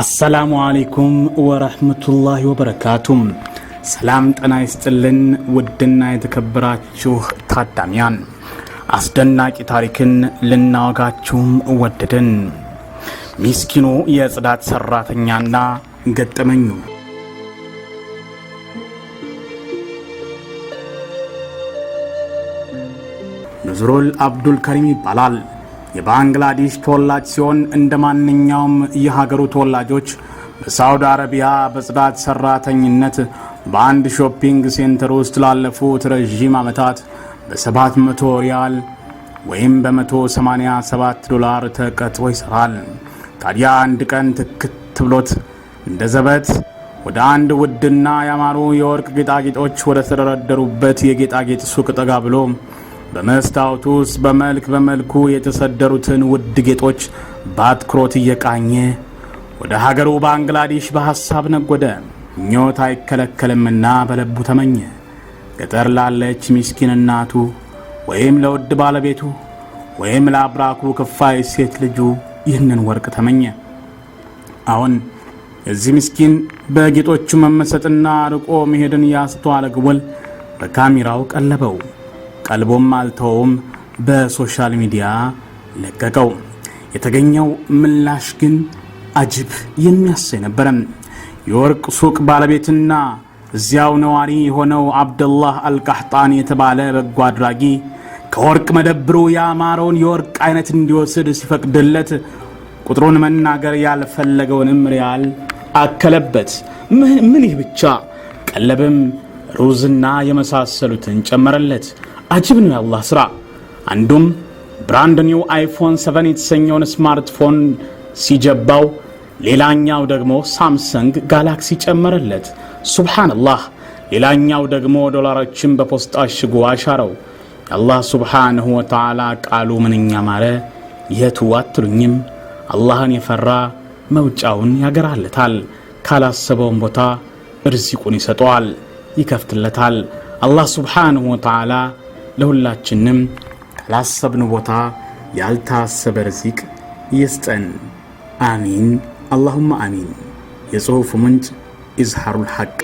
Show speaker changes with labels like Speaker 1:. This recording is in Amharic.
Speaker 1: አሰላሙ አሌይኩም ወረህመቱላሂ ወበረካቱም። ሰላም ጠና ይስጥልን ውድና የተከበራችሁ ታዳሚያን፣ አስደናቂ ታሪክን ልናወጋችሁም ወደድን። ሚስኪኑ የጽዳት ሰራተኛና ገጠመኙ ነዝሮል አብዱል ከሪም ይባላል። የባንግላዴሽ ተወላጅ ሲሆን እንደ ማንኛውም የሀገሩ ተወላጆች በሳውዲ አረቢያ በጽዳት ሰራተኝነት በአንድ ሾፒንግ ሴንተር ውስጥ ላለፉት ረዥም ዓመታት በ700 ሪያል ወይም በ187 ዶላር ተቀጥሮ ይሰራል። ታዲያ አንድ ቀን ትክት ብሎት እንደ ዘበት ወደ አንድ ውድና ያማሩ የወርቅ ጌጣጌጦች ወደ ተደረደሩበት የጌጣጌጥ ሱቅ ጠጋ ብሎ በመስታወቱ ውስጥ በመልክ በመልኩ የተሰደሩትን ውድ ጌጦች በአትኩሮት እየቃኘ ወደ ሀገሩ ባንግላዴሽ በሐሳብ ነጎደ። ምኞት አይከለከልምና በለቡ ተመኘ። ገጠር ላለች ሚስኪን እናቱ ወይም ለውድ ባለቤቱ ወይም ለአብራኩ ክፋይ ሴት ልጁ ይህንን ወርቅ ተመኘ። አሁን የዚህ ምስኪን በጌጦቹ መመሰጥና ርቆ መሄድን ያስተዋለ ግወል በካሜራው ቀለበው። ቀልቦም አልተውም በሶሻል ሚዲያ ለቀቀው። የተገኘው ምላሽ ግን አጅብ የሚያሰኝ ነበረ። የወርቅ ሱቅ ባለቤትና እዚያው ነዋሪ የሆነው አብደላህ አልቃህጣን የተባለ በጎ አድራጊ ከወርቅ መደብሩ ያማረውን የወርቅ አይነት እንዲወስድ ሲፈቅድለት ቁጥሩን መናገር ያልፈለገውንም ሪያል አከለበት። ምን ይህ ብቻ ቀለብም ሩዝና የመሳሰሉትን ጨመረለት። አጅብ ነው የአላህ ስራ። አንዱም ብራንድ ኒው አይፎን 7 የተሰኘውን ስማርትፎን ሲጀባው፣ ሌላኛው ደግሞ ሳምሰንግ ጋላክሲ ጨመረለት። ሱብሓነላህ። ሌላኛው ደግሞ ዶላሮችን በፖስጣ አሽጎ አሻረው። የአላህ ሱብሓነሁ ወተዓላ ቃሉ ምንኛ ማረ። የቱ አትሉኝም? አላህን የፈራ መውጫውን ያገራለታል። ካላሰበውን ቦታ እርዚቁን ይሰጠዋል፣ ይከፍትለታል። አላህ ሱብሓነሁ ወተዓላ ለሁላችንም ላሰብነው ቦታ ያልታሰበ ርዚቅ ይስጠን። አሚን አላሁማ አሚን። የጽሑፉ ምንጭ ኢዝሃሩል ሐቅ